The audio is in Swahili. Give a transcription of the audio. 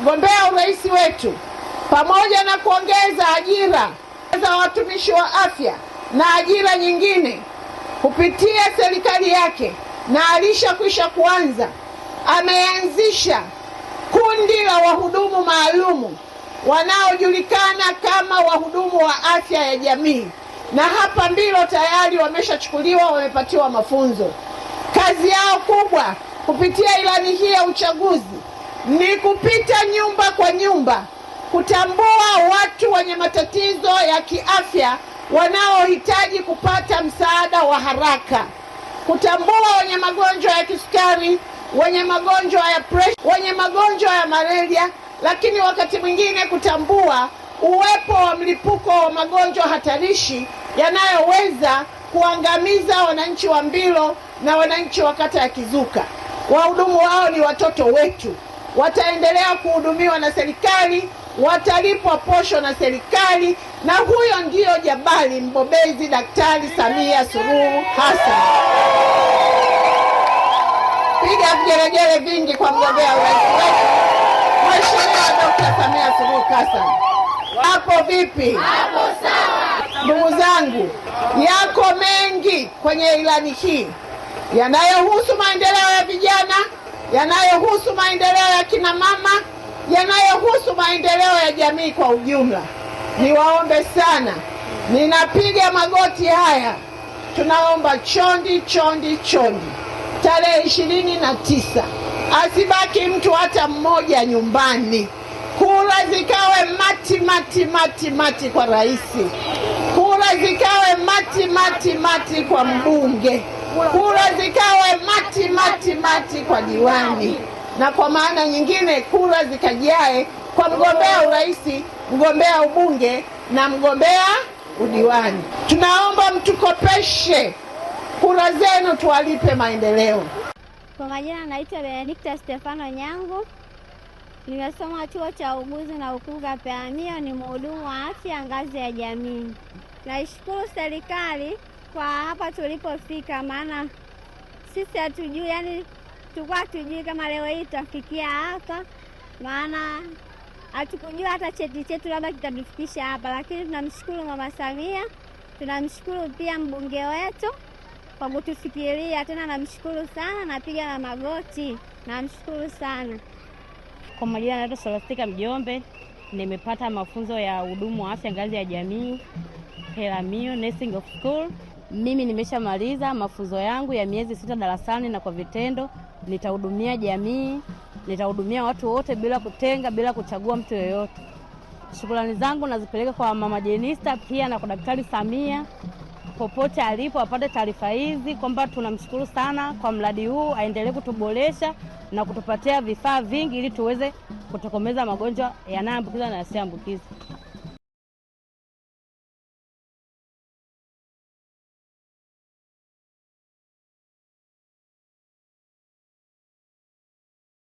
mgombea urais wetu pamoja na kuongeza ajira za watumishi wa afya na ajira nyingine kupitia serikali yake, na alishakwisha kuanza, ameanzisha kundi la wahudumu maalumu wanaojulikana kama wahudumu wa afya ya jamii, na hapa ndilo tayari wameshachukuliwa, wamepatiwa mafunzo. Kazi yao kubwa kupitia ilani hii ya uchaguzi ni kupita nyumba kwa nyumba kutambua watu wenye matatizo ya kiafya wanaohitaji kupata msaada wa haraka, kutambua wenye magonjwa ya kisukari, wenye magonjwa ya presha, wenye magonjwa ya malaria, lakini wakati mwingine kutambua uwepo wa mlipuko wa magonjwa hatarishi yanayoweza kuangamiza wananchi wa Mbilo na wananchi wa kata ya Kizuka. Wahudumu wao ni watoto wetu wataendelea kuhudumiwa na serikali, watalipwa posho na serikali, na huyo ndiyo jabali mbobezi Daktari Samia Suluhu Hassan. Piga vigelegele vingi kwa mgombea urais wetu Mheshimiwa Dkt. Samia Suluhu Hassan. Hapo vipi? Hapo sawa. Ndugu zangu, yako mengi kwenye ilani hii yanayohusu maendeleo ya vijana, yanayohusu maendeleo kina mama yanayohusu maendeleo ya jamii kwa ujumla. Niwaombe sana, ninapiga magoti haya, tunaomba chondi chondi chondi, tarehe ishirini na tisa asibaki mtu hata mmoja nyumbani. Kura zikawe mati mati mati mati kwa rais, kura zikawe mati mati mati kwa mbunge, kura zikawe mati mati mati kwa diwani na kwa maana nyingine kura zikajae kwa mgombea urais, mgombea ubunge na mgombea udiwani. Tunaomba mtukopeshe kura zenu tuwalipe maendeleo. Kwa majina naitwa Benedikta Stefano Nyangu, nimesoma chuo cha uguzi na ukunga Peramiho, ni mhudumu wa afya ngazi ya jamii. Naishukuru serikali kwa hapa tulipofika, maana sisi hatujui yani tulikuwa hatujui kama leo hii tutafikia hapa, maana hatukujua hata cheti chetu labda kitatufikisha hapa, lakini tunamshukuru Mama Samia, tunamshukuru pia mbunge wetu kwa kutufikiria tena, namshukuru sana, napiga na magoti, namshukuru sana. Kwa majina naitwa Salastika Mjombe, nimepata mafunzo ya hudumu wa afya ngazi ya jamii Peramiho Nursing of School. Mimi nimeshamaliza mafunzo yangu ya miezi sita darasani na kwa vitendo nitahudumia jamii, nitahudumia watu wote bila kutenga, bila kuchagua mtu yoyote. Shukrani zangu nazipeleka kwa mama Jenista pia na kwa Daktari Samia popote alipo apate taarifa hizi kwamba tunamshukuru sana kwa mradi huu, aendelee kutuboresha na kutupatia vifaa vingi ili tuweze kutokomeza magonjwa yanayoambukiza na yasiyoambukiza.